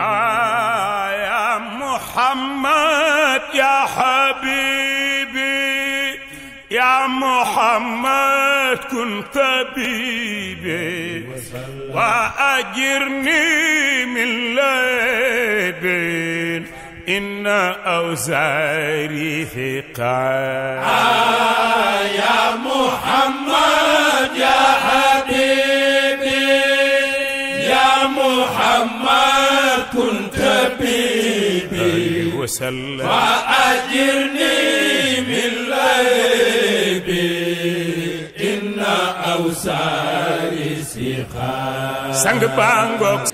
يا محمد يا حبيبي يا محمد كن طبيبي وأجرني من ليبين إن أوزاري ثقال آه يا محمد يا حبيبي يا محمد كنت بي وسلم وأجرني من ليبي إن أوساري سخاء سانغ بانغوك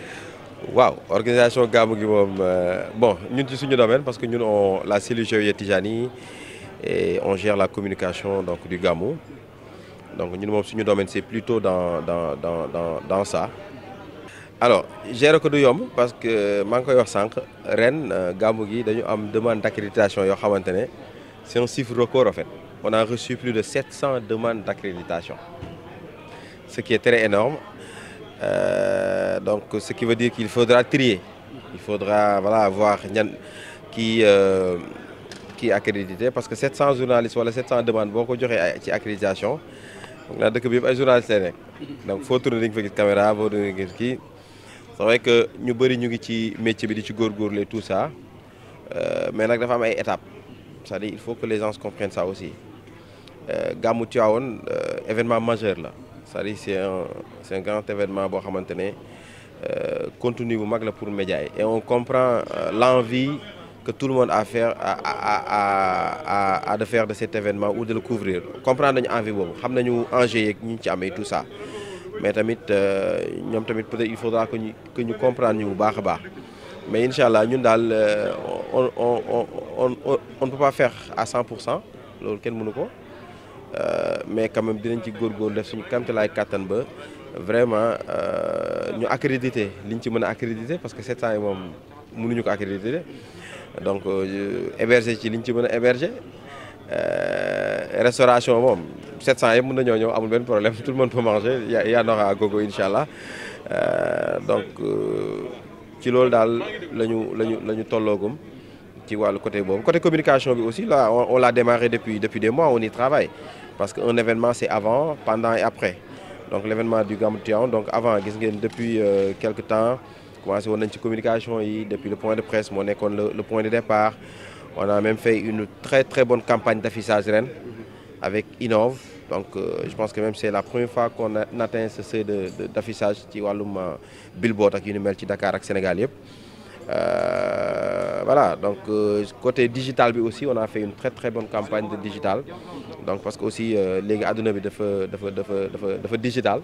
waaw organisation gàmmu gi moom euh, bon ñun ci suñu domaine parce que ñun on la cellule Chewiya Tijani et on gère la communication donc du gàmmu donc ñun moom suñu domaine c'est plutôt dans dans dans dans dans ça alors j'ai ko du Yom parce que manque ngi koy wax Rennes, ren euh, gàmmu demande un chiffre record en fait on a reçu plus de 700 demandes d'accréditation, ce qui est très énorme euh, donc ce qui veut dire qu'il faudra trier il faudra voilà voir qui euh, qui accrédité parce que 700 journalistes wala 700 demandes beaucoup de accréditation donc il faut bi une donc il faut tourner caméra pour faut c'est vrai que nous sommes ñu ngi ci métier bi tout ça euh, mais nous avons une étape. il faut que les gens comprennent ça aussi est euh, un euh, événement majeur cest un grand événement à maintenir pour média et on comprend l'envie que tout le monde a de faire de cet événement ou de le couvrir comprendre nañu envie boobu xam nañu engager ñu tout ça mais tamit euh, ñom tamit peut-être il faudra que ñu que ñu comprendre ñu bu baax baax mais inshallah ñun dal euh, on on on on on ne peut pas faire à 100 pour ken mënu ko euh, mais quand même dinañ ci gor def suñu kamtalaay kàttan ba vraiment ñu accréditer liñ ci mëna accréditer parce que sept année yi mënu ñu ko accréditer donc héberger ci liñ ci mëna a héberger restauration mom 700 yëpp problème tout le monde peut manger il y en aura à gogo Inch'Allah. Euh, donc euh, ci ce que le nouveau, le Du côté bon. côté communication aussi là on, l'a démarré depuis depuis des mois on y travaille parce qu'un événement c'est avant pendant et après donc l'événement du Gamou donc avant depuis quelques euh, quelque temps commencé a une communication depuis le point de presse on est le, le point de départ on a même fait une très très bonne campagne d'affichage ren avec Innov. Donc euh, je pense que même c'est la première fois qu'on atteint ce seuil d'affichage de, euh, billboard avec une Dakar ak Sénégal euh, voilà donc côté digital aussi on a fait une très très bonne campagne de digital donc parce que aussi les àdduna bi digital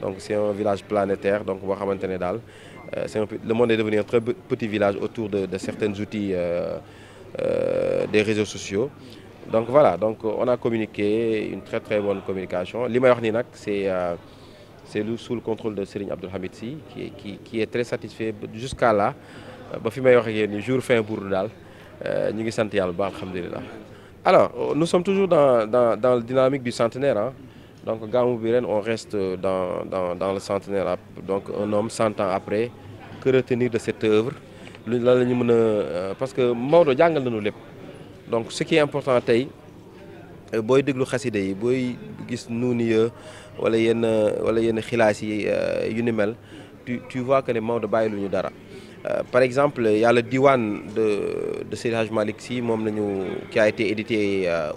donc c'est un village planétaire donc le monde est devenu un très petit village autour de certains outils des réseaux sociaux donc voilà donc euh, on a communiqué une très très bonne communication li c'est euh, c'est sous le contrôle de Serigne Abdou qui qui est très satisfait jusqu'à là euh, jour fin pour alors nous sommes toujours dans la dynamique du centenaire hein. donc Gamou on reste dans dans le centenaire donc un homme 100 ans après que retenir de cette œuvre parce que Maodo nañu donc ce qui est important tey euh, boy deglu khassida yi boy gis nuuni ya wala yenn wala yenn xilaas yi euh, yu ni mel tu tu vois que les Maodo bàyyi lu ñu dara euh, par exemple il y a le diwan de de Seydi Hadj Malik si mom lañu qui a été édité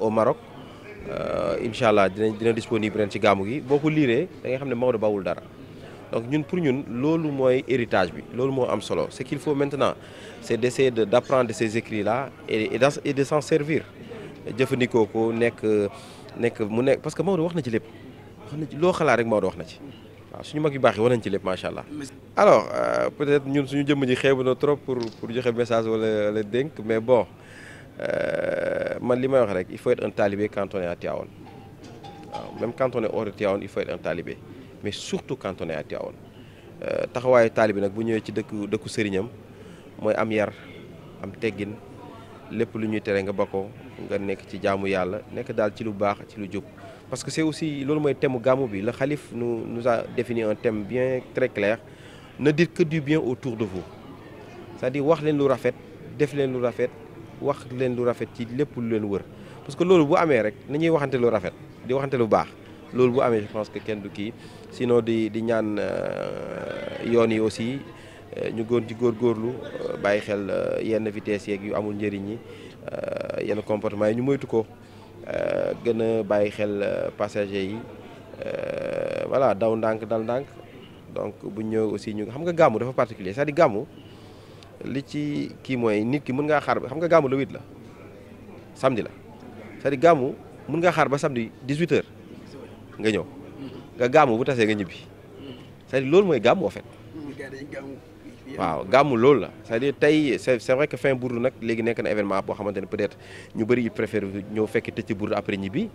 au Maroc incha allah dina dina disponible ren ci gamu gi boku ko da nga xamné ne Maodo bawul dara donc ñun pour ñun loolu mooy héritage bi loolu moo am solo ce qu'il faut maintenant c'est d'essayer d'apprendre ces écrits là et et de s'en servir jëfandikoo ko nekk nekk mu nekk parce que Maodo wax na ci lépp wax na ci loo xalaat rek Maodo wax na ci waaw suñu mag yi wax nañ ci lépp macha alors euh, peut-être ñun suñu jëmm ji xeebu na trop pour pour joxe message wala wala dénk mais bon euh, man li may wax rek il faut être un talibé quand on est à Tivaouane même quand on est hors de Tivaouane il faut être un talibé mais surtout quand on est à Tivaouane euh, taxawaayu taalibe nak bu ñëwé ci dëkku dëkku sëriñam moy am yar am teggin lépp lu ñuy tere nga bako nga nekk ci jaamu Yalla nekk dal ci lu baax ci lu jub parce que c'est aussi lolu moy thème gamu bi le khalife nous nous a défini un thème bien très clair ne dites que du bien autour de vous c'est-à-dire wax leen lu rafet def leen lu rafet wax leen lu rafet ci lépp lu leen wër parce que lolu bu amé rek nañuy waxante lu rafet di waxante lu baax loolu bu amee je que kenn du kii sinon di di ñaan euh, yoon yi aussi euh, ñu góor ci góor góorlu euh, bàyyi xel yenn vitesse yeeg yu amul njëriñ yi yenn comportement yi ñu moytu ko gën a bàyyi xel passager yi voilà daw ndànk dal ndànk donc buñ ñëw aussi ñu xam nga gàmmu dafa particulier cest di gàmmu li ci kii mooy nit ki mën ngaa xaar ba xam nga gàmmu le huit la samedi la cest à gàmmu mën ngaa xaar ba samedi 18 heures nga ñëw nga gàmmu bu tasee nga ñibbi cest à loolu mooy gàmmu en fait waaw gàmmu loolu la cest à tey c'est c'est vrai que fin burdu nag léegi nekk na événement boo xamante ne peut-être ñu bëri yi ñëw fekk tëj ci burdu après ñibbi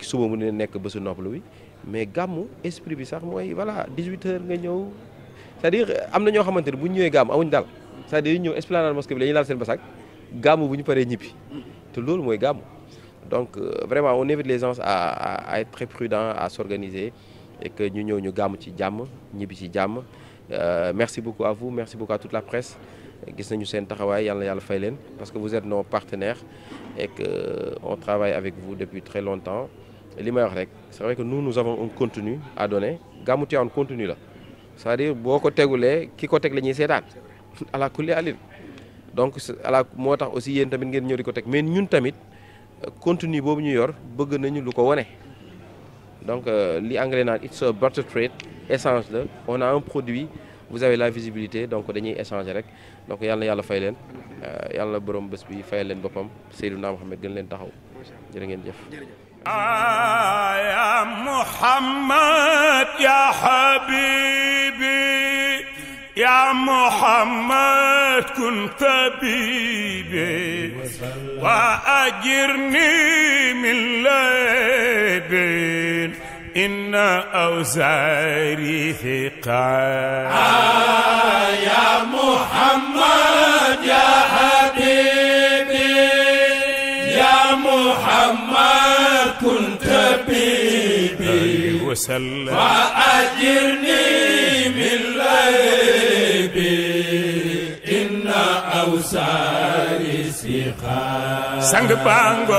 suba mu ne nekk bésu lu bi mais gàmmu esprit bi sax mooy voilà 18 heures nga ñëw cest à am na ñoo xamante ne bu ñëwee gàmmu amuñ dal c'est-à-dire ñëw esplanade mosquée bi la laal seen basak gàmmu bu ñu paree ñibbi te loolu mooy gàmmu donc euh, vraiment on évite les gens à, à, être très prudents à s'organiser et que nous ñëw ñu gàmm ci euh, merci beaucoup à vous merci beaucoup à toute la presse qui nañu seen taxawaay yàlla na fay parce que vous êtes nos partenaires et que euh, on travaille avec vous depuis très longtemps li may wax c'est vrai que nous nous avons un contenu à donner c'est un contenu la c'est-à-dire boo vous tegulee qui ko à la ñuy seetaan à donc à la tax aussi yéen tamit ngeen ñëw di ko mais ñun tamit contenu bobu ñu yor bëgg nañu luko woné donc euh, li anglais it's a barter trade essence on a un produit vous avez la visibilité donc dañuy échanger rek donc yalla yalla fay leen euh, borom bi gën taxaw محمد كن طبيبي وأجرني من ليبين إن أوزاري ثقة آه يا محمد يا حبيبي وسلم وأجرني من ليبي إن أوساري سخاء